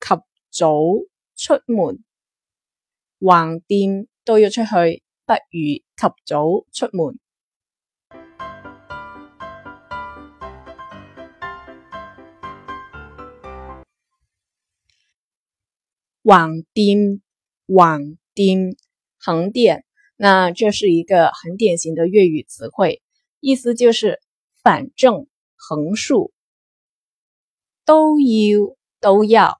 及早出門，橫掂都要出去，不如及早出門。橫掂、橫掂，那這是一個很典型的粵語詞彙，意思就是反正橫豎，都要都要，都要